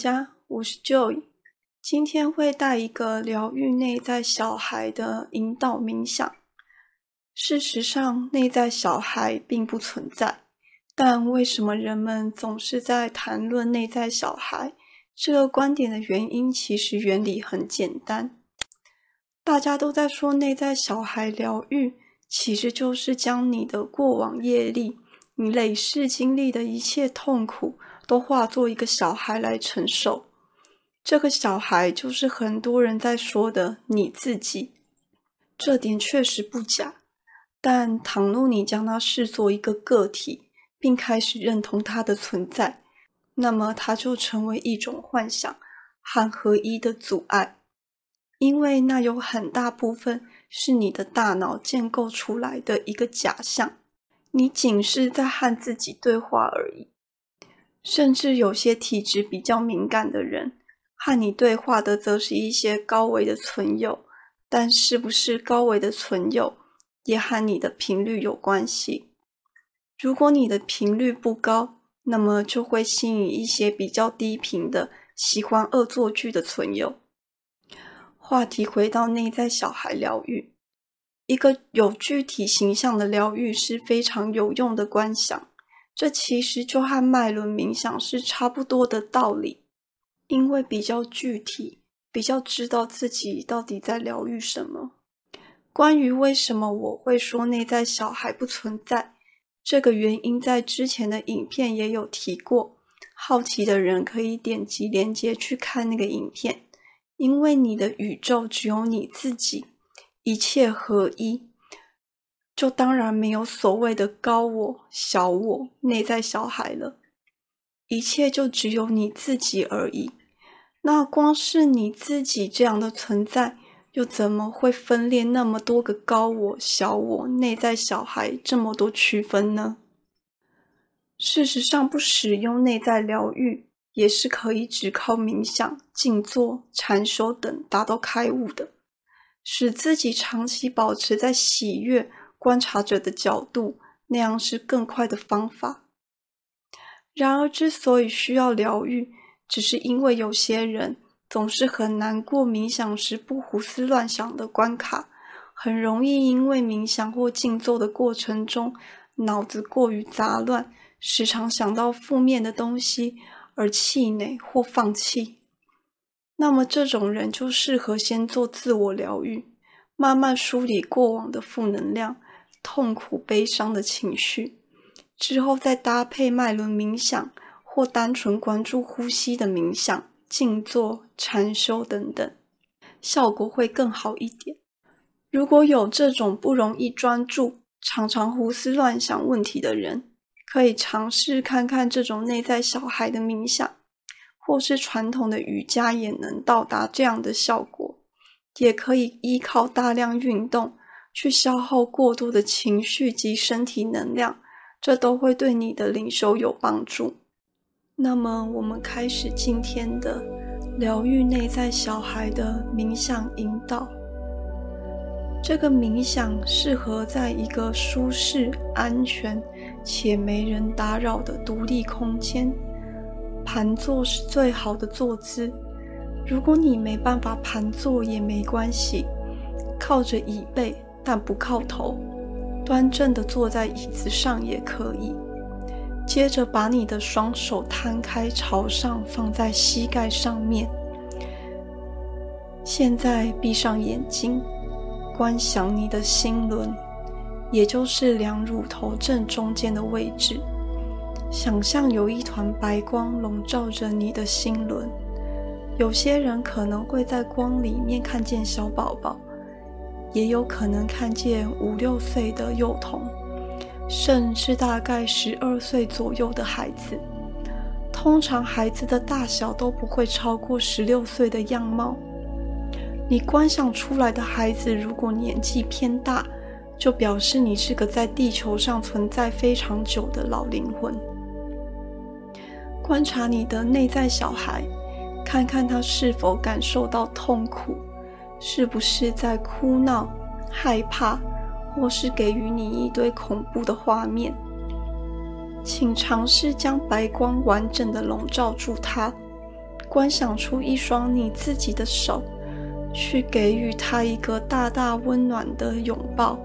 家我是 Joey，今天會帶一個療癒內在小孩的引導冥想。事實上，內在小孩並不存在，但為什麼人們總是在談論內在小孩？這個觀點的原因其實原理很簡單，大家都在說內在小孩療癒，其實就是將你的過往業力、你累世經歷的一切痛苦，都化作一個小孩來承受，這個小孩就是很多人在說的你自己。這點確實不假，但倘若你將他視作一個個體，並開始認同他的存在，那麼他就成為一種幻想和合一的阻礙，因為那有很大部分是你的大腦建構出來的一個假象，你僅是在和自己對話而已。甚至有些體質比較敏感的人，和你對話的則是一些高維的存有，但是，不是高維的存有，也和你的頻率有關係。如果你的頻率不高，那麼就會吸引一些比較低頻的、喜歡惡作劇的存有。話題回到內在小孩療癒，一個有具體形象的療癒是非常有用的觀想。這其實就和麥倫冥想是差不多的道理，因為比較具體，比較知道自己到底在療癒什麼。關於為什麼我會說內在小孩不存在，這個原因在之前的影片也有提過，好奇的人可以點擊鏈接去看那個影片。因為你的宇宙只有你自己，一切合一。就當然沒有所謂的高我、小我、內在小孩了，一切就只有你自己而已。那光是你自己這樣的存在，又怎麼會分裂那麼多個高我、小我、內在小孩這麼多區分呢？事實上，不使用內在療癒，也是可以只靠冥想、靜坐、禪修等達到開悟的，使自己長期保持在喜悅。觀察者的角度，那樣是更快的方法。然而，之所以需要療癒，只是因為有些人總是很難過冥想時不胡思亂想的關卡，很容易因為冥想或靜坐的過程中腦子過於雜亂，時常想到負面的東西而氣餒或放棄。那麼，這種人就適合先做自我療癒，慢慢梳理過往的負能量。痛苦、悲傷的情緒，之後，再搭配脈輪冥想或單純關注呼吸的冥想、靜坐、禪修等等，效果會更好一點。如果有這種不容易專注、常常胡思亂想問題的人，可以嘗試看看這種內在小孩的冥想，或是傳統的瑜伽也能到達這樣的效果，也可以依靠大量運動去消耗過多的情緒及身體能量，這都會對你的靈修有幫助。那麼，我們開始今天的療癒內在小孩的冥想引導。這個冥想適合在一個舒適、安全且沒人打擾的獨立空間。盤坐是最好的坐姿，如果你沒辦法盤坐也沒關係，靠着椅背。但不靠頭，端正的坐在椅子上也可以。接着把你的雙手攤開，朝上放在膝蓋上面。現在閉上眼睛，觀想你的心輪，也就是兩乳頭正中間的位置。想象有一團白光籠罩着你的心輪。有些人可能會在光裡面看見小寶寶。也有可能看見五六歲的幼童，甚至大概十二歲左右的孩子。通常孩子的大小都不會超過十六歲的樣貌。你觀想出來的孩子如果年紀偏大，就表示你是個在地球上存在非常久的老靈魂。觀察你的內在小孩，看看他是否感受到痛苦。是不是在哭鬧、害怕，或是給予你一堆恐怖的畫面？請嘗試將白光完整的籠罩住他，觀想出一雙你自己的手，去給予他一個大大溫暖的擁抱。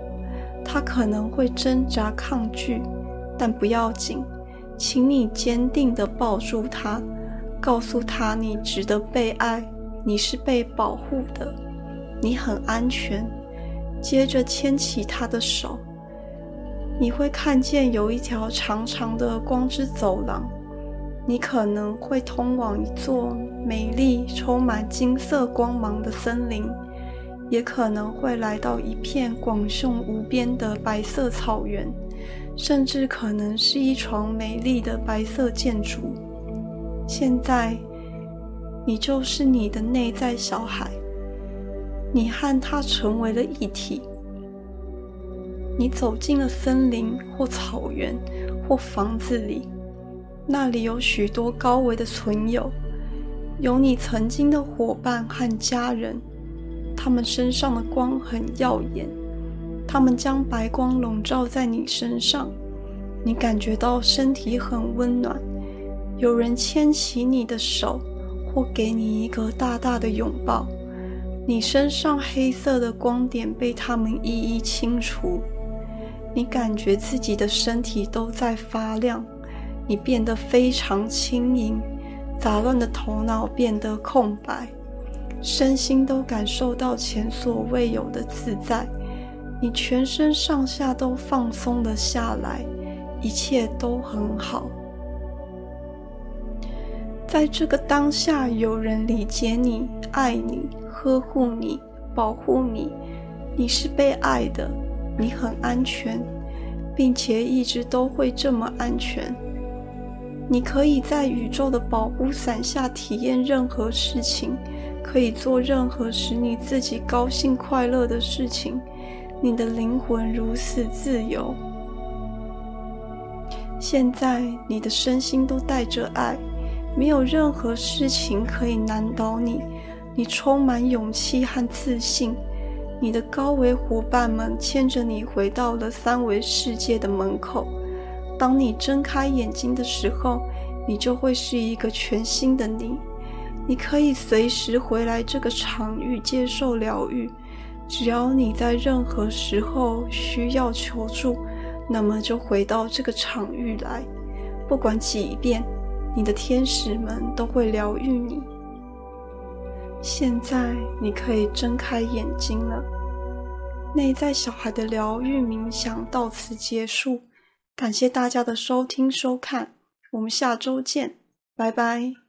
他可能會掙扎抗拒，但不要緊，請你堅定地抱住他，告訴他你值得被愛，你是被保護的。你很安全。接着牽起他的手，你會看見有一條長長的光之走廊。你可能會通往一座美麗、充滿金色光芒的森林，也可能會來到一片廣袤無邊的白色草原，甚至可能是一幢美麗的白色建築。現在，你就是你的內在小孩。你和他成為了一體。你走進了森林，或草原，或房子裡，那裡有許多高維的存有，有你曾經的夥伴和家人，他們身上的光很耀眼，他們將白光籠罩在你身上，你感覺到身體很溫暖，有人牽起你的手，或給你一個大大的擁抱。你身上黑色的光點被他們一一清除，你感覺自己的身體都在發亮，你變得非常輕盈，雜亂的頭腦變得空白，身心都感受到前所未有的自在，你全身上下都放鬆了下來，一切都很好。在這個當下，有人理解你，愛你。呵護你，保護你，你是被愛的，你很安全，並且一直都會這麼安全。你可以在宇宙的保護傘下體驗任何事情，可以做任何使你自己高興快樂的事情。你的靈魂如此自由，現在你的身心都帶着愛，沒有任何事情可以難倒你。你充滿勇氣和自信，你的高維夥伴們牽着你回到了三維世界的門口。當你睜開眼睛的時候，你就會是一個全新的你。你可以隨時回來這個場域接受療癒，只要你在任何時候需要求助，那麼就回到這個場域來。不管幾遍，你的天使們都會療癒你。現在你可以睜開眼睛了，內在小孩的療癒冥想到此結束，感謝大家的收聽收看，我們下周見，拜拜。